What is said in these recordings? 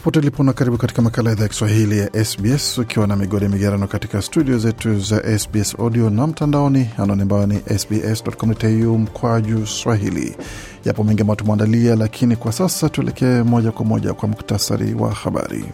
popote ulipo na karibu katika makala idhaa ya Kiswahili ya SBS ukiwa na migodi migerano katika studio zetu za SBS audio na mtandaoni, anwani ambayo ni sbs.com.au mkwaju swahili. Yapo mengi ambayo tumeandalia, lakini kwa sasa tuelekee moja kwa moja kwa muktasari wa habari.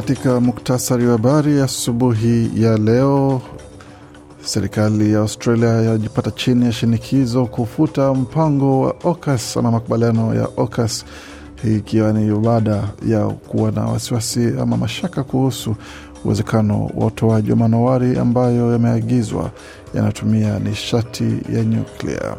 katika muktasari wa habari asubuhi ya, ya leo. Serikali ya Australia yajipata chini ya shinikizo kufuta mpango wa AUKUS ama makubaliano ya AUKUS, hii ikiwa ni baada ya kuwa na wasiwasi ama mashaka kuhusu uwezekano wa utoaji wa manowari ambayo yameagizwa yanatumia nishati ya nyuklia.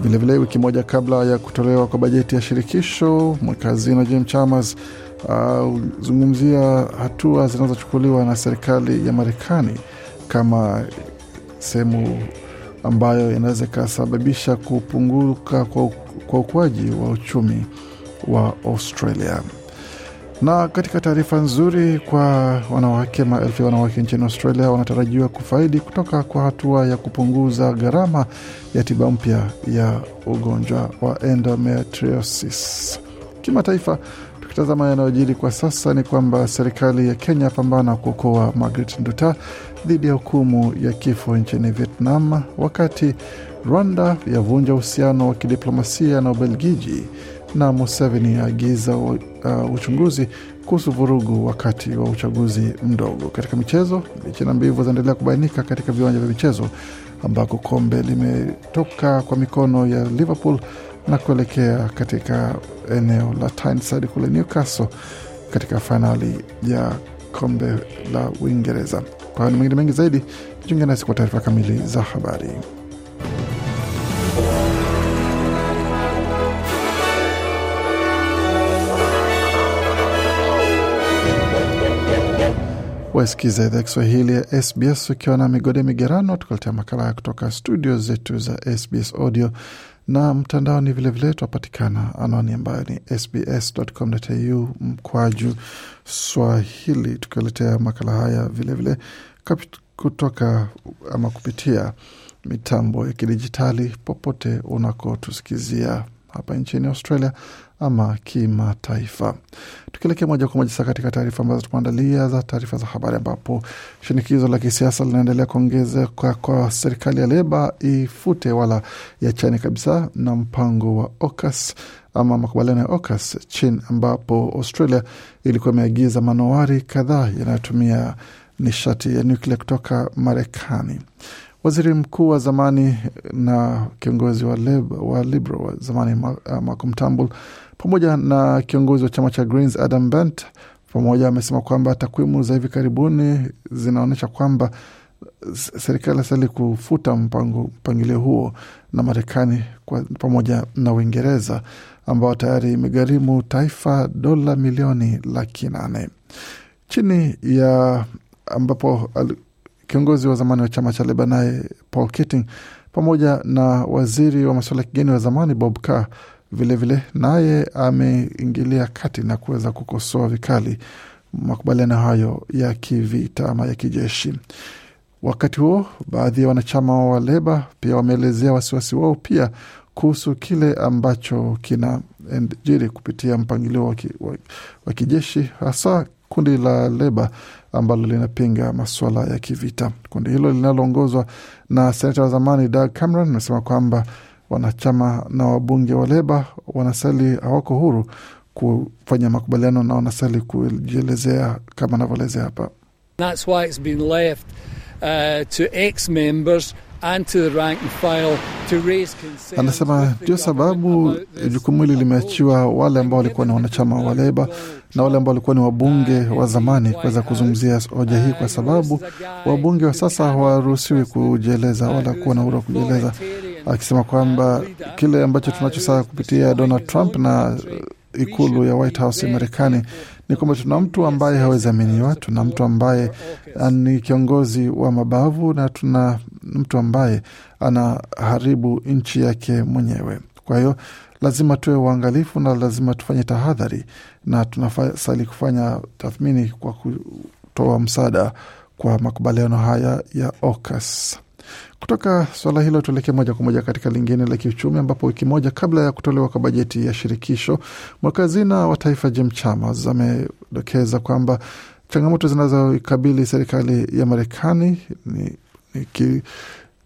Vilevile, wiki moja kabla ya kutolewa kwa bajeti ya shirikisho, mwekazina Jim Chalmers kuzungumzia uh, hatua zinazochukuliwa na serikali ya Marekani kama sehemu ambayo inaweza ikasababisha kupunguka kwa, kwa ukuaji wa uchumi wa Australia. Na katika taarifa nzuri kwa wanawake, maelfu ya wanawake nchini Australia wanatarajiwa kufaidi kutoka kwa hatua ya kupunguza gharama ya tiba mpya ya ugonjwa wa endometriosis. Kimataifa, Tukitazama yanayojiri kwa sasa ni kwamba serikali ya Kenya pambana kuokoa Margaret Nduta dhidi ya hukumu ya kifo nchini Vietnam, wakati Rwanda yavunja uhusiano wa kidiplomasia na Ubelgiji, na Museveni aagiza uh, uchunguzi kuhusu vurugu wakati wa uchaguzi mdogo. Katika michezo, mechi na mbivu zinaendelea kubainika katika viwanja vya michezo ambako kombe limetoka kwa mikono ya Liverpool na kuelekea katika eneo la Tyneside kule Newcastle katika fainali ya kombe la Uingereza. Kwa hayo ni mengine mengi zaidi, jiunge nasi kwa taarifa kamili za habari. Wasikiza idhaa Kiswahili ya SBS ukiwa na migode migerano, tukuletea makala ya kutoka studio zetu za SBS Audio na mtandaoni vilevile twapatikana, anwani ambayo ni sbs.com.au mkwaju swahili, tukioletea makala haya vilevile vile, kutoka ama kupitia mitambo ya kidijitali popote unakotusikizia hapa nchini Australia ama kimataifa. Tukielekea moja kwa moja sasa katika taarifa ambazo tumeandalia za taarifa za habari, ambapo shinikizo la kisiasa linaendelea kuongezeka kwa serikali ya Leba ifute wala iachane kabisa na mpango wa AUKUS ama makubaliano ya AUKUS chin, ambapo Australia ilikuwa imeagiza manowari kadhaa yanayotumia nishati ya nuklia kutoka Marekani. Waziri mkuu wa zamani na kiongozi wa, lib, wa Liberal wa zamani uh, Malcolm Turnbull pamoja na kiongozi wa chama cha Greens Adam Bent pamoja amesema kwamba takwimu za hivi karibuni zinaonyesha kwamba serikali asali kufuta mpango, mpangilio huo na Marekani pamoja na Uingereza ambao tayari imegharimu taifa dola milioni laki nane chini ya ambapo kiongozi wa zamani wa chama cha Leba naye Paul Keating pamoja na waziri wa masuala ya kigeni wa zamani Bob Carr vilevile naye ameingilia kati na kuweza kukosoa vikali makubaliano hayo ya kivita ama ya kijeshi. Wakati huo, baadhi ya wanachama wa Leba pia wameelezea wasiwasi wao pia kuhusu kile ambacho kinajiri kupitia mpangilio wa kijeshi, hasa kundi la Leba ambalo linapinga masuala ya kivita. Kundi hilo linaloongozwa na senata wa zamani Doug Cameron amesema kwamba wanachama na wabunge wa Leba wanasali hawako huru kufanya makubaliano na wanasali kujielezea kama anavyoelezea hapa. That's why it's been left, uh, to ex-members Anasema ndio sababu jukumu hili limeachiwa wale ambao walikuwa ni wanachama wa Leba na wale ambao walikuwa ni wabunge wa zamani kuweza kuzungumzia hoja hii, kwa sababu wabunge wa sasa hawaruhusiwi kujieleza wala kuwa na uhuru wa kujieleza, akisema kwamba kile ambacho tunacho sasa kupitia Donald Trump na ikulu ya White House ya Marekani ni kwamba tuna mtu ambaye hawezi aminiwa, tuna mtu ambaye ah, ni kiongozi wa mabavu na tuna mtu ambaye anaharibu nchi yake mwenyewe. Kwa hiyo lazima tuwe uangalifu na lazima tufanye tahadhari, na tunasali kufanya tathmini kwa kutoa msaada kwa makubaliano haya ya OCAS. Kutoka suala hilo tuelekee moja kwa moja katika lingine la kiuchumi, ambapo wiki moja kabla ya kutolewa kwa bajeti ya shirikisho, mweka hazina wa taifa Jim Chalmers amedokeza kwamba changamoto zinazoikabili serikali ya Marekani ni, ni ki,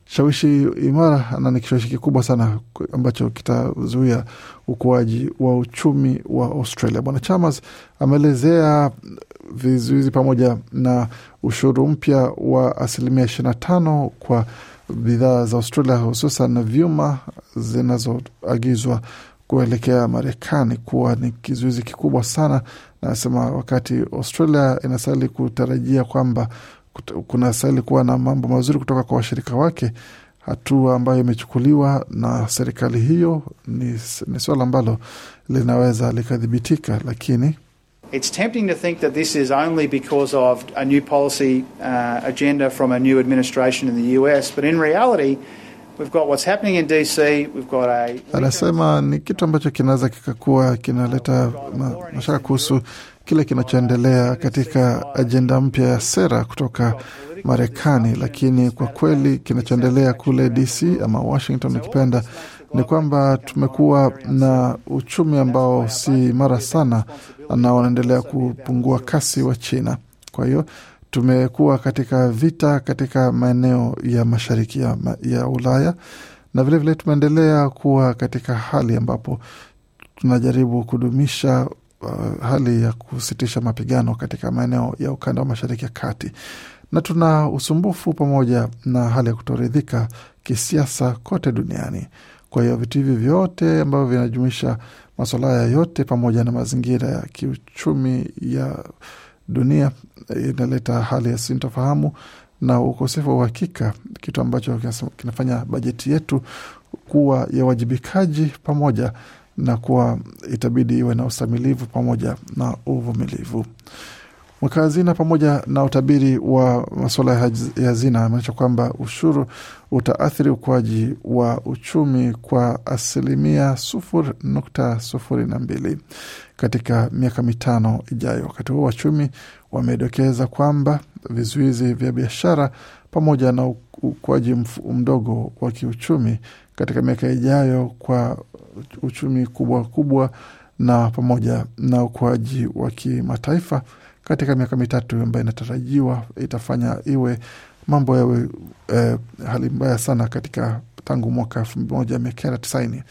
shawishi imara na ni kishawishi kikubwa sana ambacho kitazuia ukuaji wa uchumi wa Australia. Bwana Chalmers ameelezea vizuizi pamoja na ushuru mpya wa asilimia 25 kwa bidhaa za Australia, hususan vyuma zinazoagizwa kuelekea Marekani kuwa ni kizuizi kikubwa sana. Nasema wakati Australia inastahili kutarajia kwamba kunastahili kuwa na mambo mazuri kutoka kwa washirika wake, hatua ambayo imechukuliwa na serikali hiyo ni, ni swala ambalo linaweza likadhibitika, lakini It's tempting to think that this is only because of a new policy uh, agenda from a new administration in the US, but in reality, we've got what's happening in DC, we've got a... Anasema ni kitu ambacho kinaweza kikakuwa kinaleta mashaka kuhusu kile kinachoendelea katika ajenda mpya ya sera kutoka Marekani, lakini kwa kweli kinachoendelea kule DC ama Washington ukipenda ni kwamba tumekuwa na uchumi ambao si mara sana na wanaendelea kupungua kasi wa China. Kwa hiyo tumekuwa katika vita katika maeneo ya mashariki ya, ya Ulaya na vilevile tumeendelea kuwa katika hali ambapo tunajaribu kudumisha uh, hali ya kusitisha mapigano katika maeneo ya ukanda wa mashariki ya kati, na tuna usumbufu pamoja na hali ya kutoridhika kisiasa kote duniani. Kwa hiyo vitu hivi vyote ambavyo vinajumuisha masuala haya yote pamoja na mazingira ya kiuchumi ya dunia eh, inaleta hali ya sintofahamu na ukosefu wa uhakika, kitu ambacho kinafanya bajeti yetu kuwa ya uwajibikaji pamoja na kuwa itabidi iwe na ustamilivu pamoja na uvumilivu mweka hazina pamoja na utabiri wa masuala ya hazina ameonyesha kwamba ushuru utaathiri ukuaji wa uchumi kwa asilimia sufuri nukta sufuri na mbili katika miaka mitano ijayo. Wakati huo wachumi wamedokeza kwamba vizuizi vya biashara pamoja na ukuaji mdogo wa kiuchumi katika miaka ijayo kwa uchumi kubwa kubwa na pamoja na ukuaji wa kimataifa katika miaka mitatu ambayo inatarajiwa itafanya iwe mambo yawe e, hali mbaya sana katika tangu mwaka elfu moja mia kenda tisaini.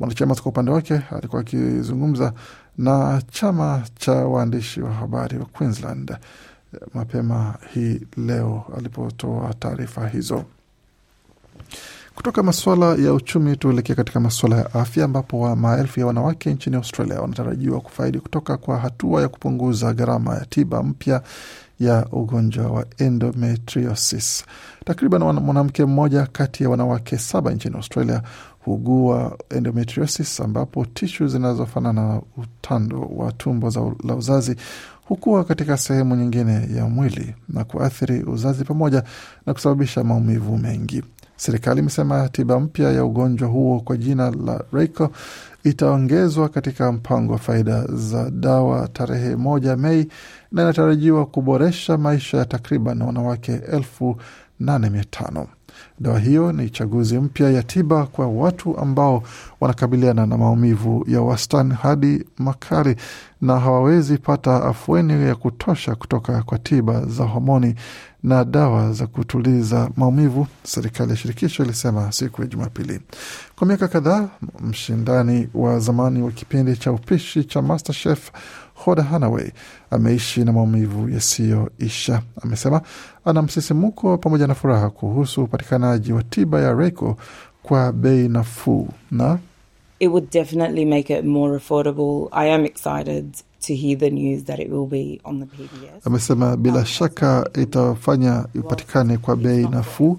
Mwanachama kwa upande wake alikuwa akizungumza na chama cha waandishi wa habari wa Queensland mapema hii leo alipotoa taarifa hizo. Kutoka masuala ya uchumi tuelekea katika masuala ya afya, ambapo maelfu ya wanawake nchini Australia wanatarajiwa kufaidi kutoka kwa hatua ya kupunguza gharama ya tiba mpya ya ugonjwa wa endometriosis. Takriban mwanamke mmoja kati ya wanawake saba nchini Australia hugua endometriosis, ambapo tishu zinazofanana na utando wa tumbo za la uzazi hukua katika sehemu nyingine ya mwili na kuathiri uzazi pamoja na kusababisha maumivu mengi. Serikali imesema tiba mpya ya ugonjwa huo kwa jina la Reiko itaongezwa katika mpango wa faida za dawa tarehe moja Mei na inatarajiwa kuboresha maisha ya takriban wanawake elfu nane mia tano. Dawa hiyo ni chaguzi mpya ya tiba kwa watu ambao wanakabiliana na maumivu ya wastani hadi makali na hawawezi pata afueni ya kutosha kutoka kwa tiba za homoni na dawa za kutuliza maumivu, serikali ya shirikisho ilisema siku ya Jumapili. Kwa miaka kadhaa, mshindani wa zamani wa kipindi cha upishi cha MasterChef Hoda Hanaway ameishi na maumivu yasiyoisha. Amesema ana msisimuko pamoja na furaha kuhusu upatikanaji wa tiba ya Reiko kwa bei nafuu na it would definitely make it more affordable. I am excited to hear the news that it will be on the PBS. Amesema bila um, shaka itafanya ipatikane kwa bei nafuu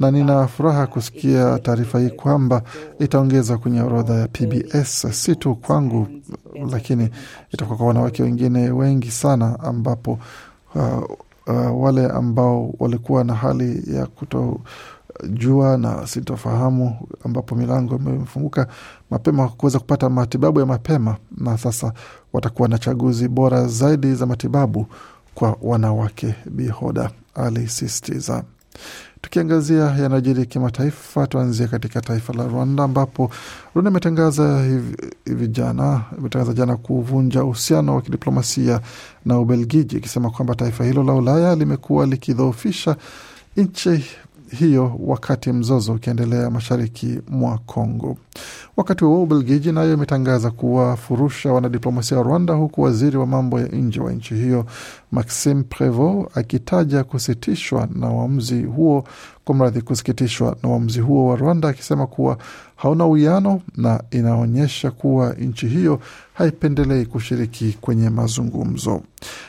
na nina um, furaha kusikia taarifa hii kwamba itaongeza kwenye orodha ya PBS, si tu kwangu, lakini itakuwa kwa wanawake wengine wengi sana, ambapo uh, uh, wale ambao walikuwa na hali ya kuto jua na sitofahamu, ambapo milango imefunguka mapema kuweza kupata matibabu ya mapema, na sasa watakuwa na chaguzi bora zaidi za matibabu kwa wanawake, Bihoda alisistiza Tukiangazia yanayojiri kimataifa, tuanzie katika taifa la Rwanda ambapo Rwanda imetangaza hivi jana imetangaza jana kuvunja uhusiano wa kidiplomasia na Ubelgiji, ikisema kwamba taifa hilo la Ulaya limekuwa likidhoofisha nchi hiyo wakati mzozo ukiendelea mashariki mwa Kongo. Wakati huo Ubelgiji nayo imetangaza kuwafurusha wanadiplomasia wa Rwanda, huku waziri wa mambo ya nje wa nchi hiyo Maxim Prevost akitaja kusitishwa na uamuzi huo kwa mradhi, kusikitishwa na uamuzi huo wa Rwanda, akisema kuwa hauna uwiano na inaonyesha kuwa nchi hiyo haipendelei kushiriki kwenye mazungumzo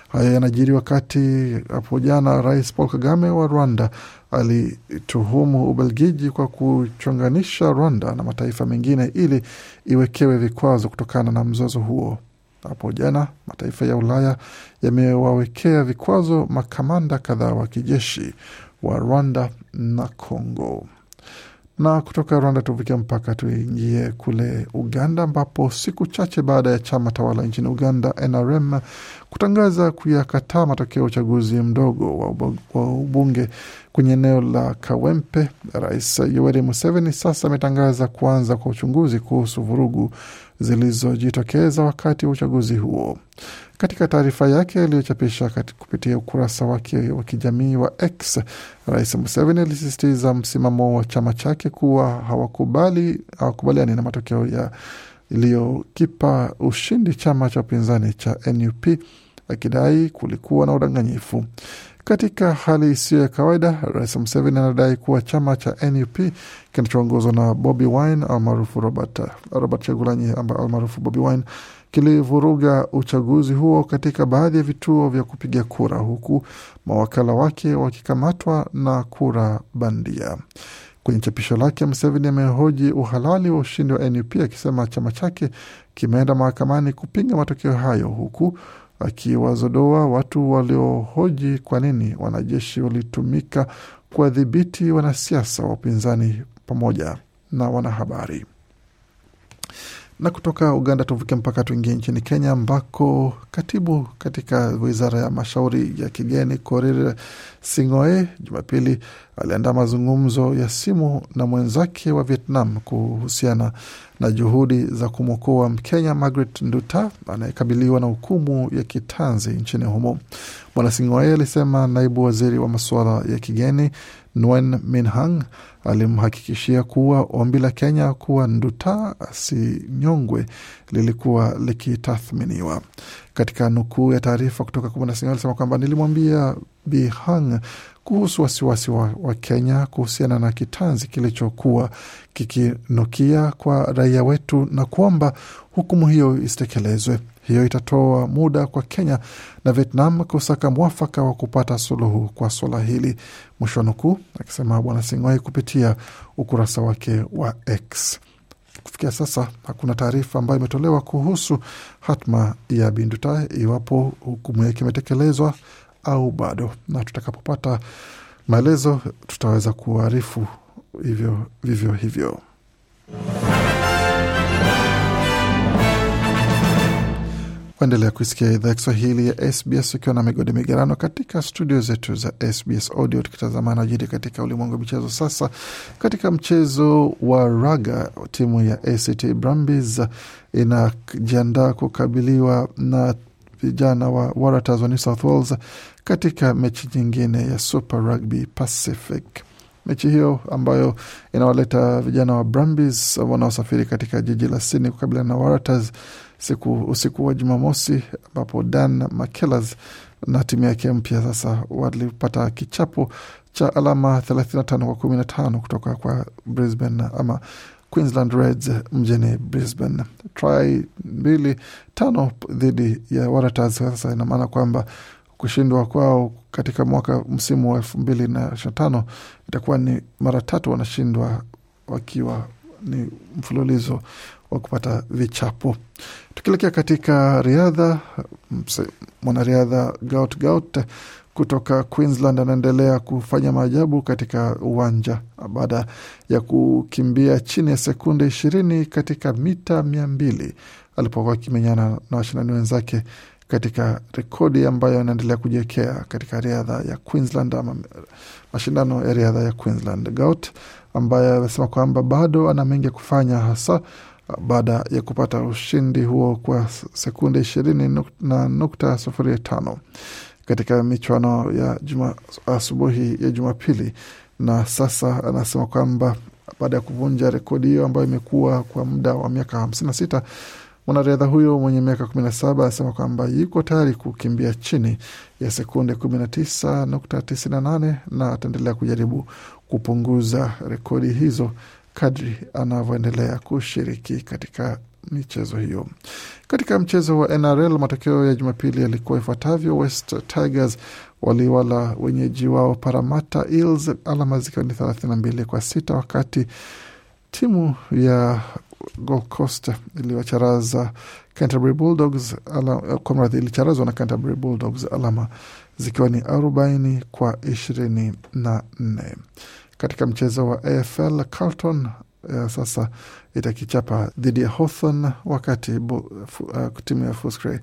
hayo. Yanajiri wakati hapo jana Rais Paul Kagame wa Rwanda alituhumu Ubelgiji kwa kuchonganisha Rwanda na mataifa mengine ili iwekewe vikwazo kutokana na mzozo huo. Hapo jana mataifa ya Ulaya yamewawekea vikwazo makamanda kadhaa wa kijeshi wa Rwanda na Congo. Na kutoka Rwanda tuvuke mpaka tuingie kule Uganda, ambapo siku chache baada ya chama tawala nchini Uganda NRM kutangaza kuyakataa matokeo ya uchaguzi mdogo wa ubunge kwenye eneo la Kawempe, Rais Yoweri Museveni sasa ametangaza kuanza kwa uchunguzi kuhusu vurugu zilizojitokeza wakati wa uchaguzi huo. Katika taarifa yake aliyochapisha kupitia ukurasa wake wa kijamii wa X, Rais Museveni alisisitiza msimamo wa chama chake kuwa hawakubali hawakubaliani na matokeo yaliyokipa ushindi chama cha upinzani cha NUP akidai kulikuwa na udanganyifu. Katika hali isiyo ya kawaida, Rais Museveni anadai kuwa chama cha NUP kinachoongozwa na Bobi Wine almaarufu Robert, Robert Chagulanyi almaarufu Bobi Wine kilivuruga uchaguzi huo katika baadhi ya vituo vya kupiga kura, huku mawakala wake wakikamatwa na kura bandia. Kwenye chapisho lake mseveni amehoji uhalali wa ushindi wa NUP akisema chama chake kimeenda mahakamani kupinga matokeo hayo huku akiwazodoa watu waliohoji kwa nini wanajeshi walitumika kuwadhibiti wanasiasa wa upinzani pamoja na wanahabari. Na kutoka Uganda tuvuke mpaka tuingie nchini Kenya, ambako katibu katika wizara ya mashauri ya kigeni Korir Singoe Jumapili aliandaa mazungumzo ya simu na mwenzake wa Vietnam kuhusiana na juhudi za kumwokoa Mkenya Margaret Nduta anayekabiliwa na hukumu ya kitanzi nchini humo. Bwana Singoe alisema naibu waziri wa masuala ya kigeni Nguyen Minh Hang alimhakikishia kuwa ombi la Kenya kuwa Nduta asinyongwe lilikuwa likitathminiwa. Katika nukuu ya taarifa kutoka kwa na Singh alisema kwamba nilimwambia Bi Hang kuhusu wasiwasi wa, wa Kenya kuhusiana na kitanzi kilichokuwa kikinukia kwa raia wetu na kuomba hukumu hiyo isitekelezwe. Hiyo itatoa muda kwa Kenya na Vietnam kusaka mwafaka wa kupata suluhu kwa swala hili, mwisho wa nukuu, akisema Bwana Singwai kupitia ukurasa wake wa X. Kufikia sasa hakuna taarifa ambayo imetolewa kuhusu hatma ya Binduta, iwapo hukumu yake imetekelezwa au bado, na tutakapopata maelezo tutaweza kuarifu hivyo vivyo hivyo. Waendelea kuisikia idhaa ya Kiswahili ya SBS ukiwa na migodi migerano katika studio zetu za SBS Audio, tukitazama najiri katika ulimwengu wa michezo. Sasa katika mchezo wa raga, timu ya ACT Brumbies inajiandaa kukabiliwa na vijana wa Waratahs wa New South Wales katika mechi nyingine ya Super Rugby Pacific. Mechi hiyo ambayo inawaleta vijana wa Brumbies wanaosafiri katika jiji la Sydney kukabiliana na Waratahs siku usiku wa Jumamosi ambapo Dan McKellars na timu yake mpya sasa walipata kichapo cha alama 35 kwa 15 kutoka kwa Brisbane ama Queensland Reds mjini Brisbane. Try mbili tano dhidi ya Waratahs. Sasa ina maana kwamba kushindwa kwao katika mwaka msimu wa elfu mbili na ishirini na tano itakuwa ni mara tatu wanashindwa wakiwa ni mfululizo wa kupata vichapo. Tukielekea katika riadha, mwanariadha Gout Gout kutoka Queensland anaendelea kufanya maajabu katika uwanja baada ya kukimbia chini ya sekunde ishirini katika mita mia mbili alipokuwa akimenyana na washindani wenzake katika rekodi ambayo anaendelea kujiwekea katika riadha ya Queensland ama mashindano ya riadha ya Queensland. Gout ambaye amesema kwamba bado ana mengi ya kufanya hasa baada ya kupata ushindi huo kwa sekunde ishirini na nukta sufuri tano katika michuano ya juma asubuhi ya Jumapili, na sasa anasema kwamba baada ya kuvunja rekodi hiyo ambayo imekuwa kwa muda wa miaka hamsini na sita mwanariadha huyo mwenye miaka saba anasema kwamba yuko tayari kukimbia chini ya sekunde nane na ataendelea kujaribu kupunguza rekodi hizo kadri anavyoendelea kushiriki katika michezo hiyo. Katika mchezo wa NRL matokeo ya Jumapili yalikuwa ifuatavyo: West Tigers waliwala wenyeji wao paramata Eels alama zikiwa ni thelathini na mbili kwa sita, wakati timu ya Gold Coast iliwacharaza Canterbury Bulldogs kwa mradhi, ilicharazwa na Canterbury Bulldogs alama zikiwa ni arobaini kwa ishirini na nne katika mchezo wa AFL Carlton ya eh, sasa itakichapa dhidi ya Hawthorn wakati uh, timu ya Footscray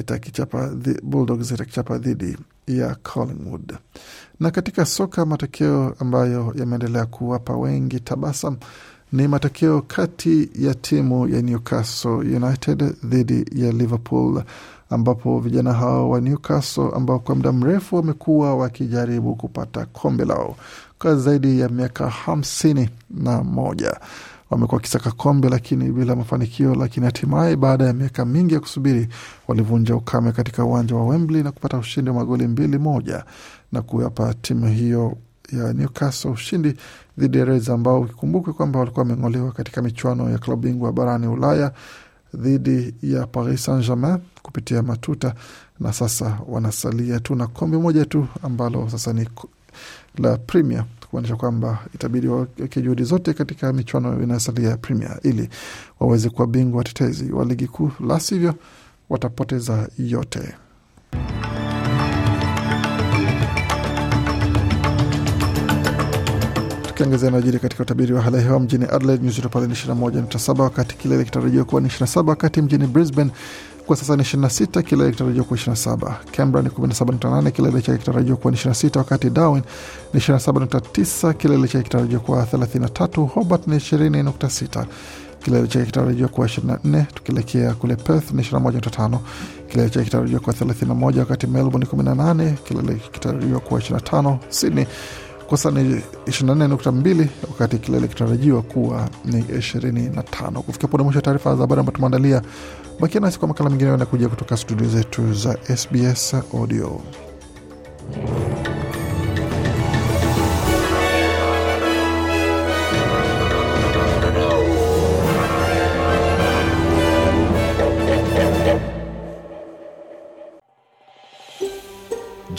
itakichapa Bulldogs itakichapa dhidi ya Collingwood. Na katika soka, matokeo ambayo yameendelea kuwapa wengi tabasam ni matokeo kati ya timu ya Newcastle United dhidi ya Liverpool, ambapo vijana hao wa Newcastle ambao kwa muda mrefu wamekuwa wakijaribu kupata kombe lao kwa zaidi ya miaka hamsini na moja wamekuwa wakisaka kombe lakini bila mafanikio, lakini hatimaye baada ya miaka mingi ya kusubiri walivunja ukame katika uwanja wa Wembley na kupata ushindi wa magoli mbili moja na kuyapa timu hiyo ya Newcastle ushindi dhidi ya Reds ambao ukikumbukwe kwamba walikuwa wameng'olewa katika michuano ya klabu bingwa barani Ulaya dhidi ya Paris Saint-Germain kupitia matuta, na sasa wanasalia tu na kombe moja tu ambalo sasa ni la Premier kuonyesha kwamba itabidi waweke juhudi zote katika michuano inayosalia ya Premier ili waweze kuwa bingwa watetezi wa ligi kuu, la sivyo watapoteza yote. Tukiangazia najiri katika utabiri wa hali ya hewa mjini Adelaide, nyuzi joto pale ni 21.7, wakati kilele kitarajiwa kuwa ni 27, wakati mjini Brisbane kwa sasa ni 26, kilele kitarajiwa kuwa 27. Canberra ni 17.8, kilele chake kitarajiwa kuwa ni 26, wakati Darwin ni 27.9, kilele chake kitarajiwa kuwa 33. Hobart ni 20.6, kilele chake kitarajiwa kuwa 24. Tukielekea kule Perth ni 21.5, kilele chake kitarajiwa kuwa 31, wakati Melbourne 18, kilele kitarajiwa kuwa 25. Sydney kwa sasa ni 24.2 wakati kilele kitarajiwa kuwa ni 25. Kufikia punde mwisho taarifa za habari ambayo tumeandalia. Bakia nasi kwa makala mengine yanakuja kutoka studio zetu za SBS Audio.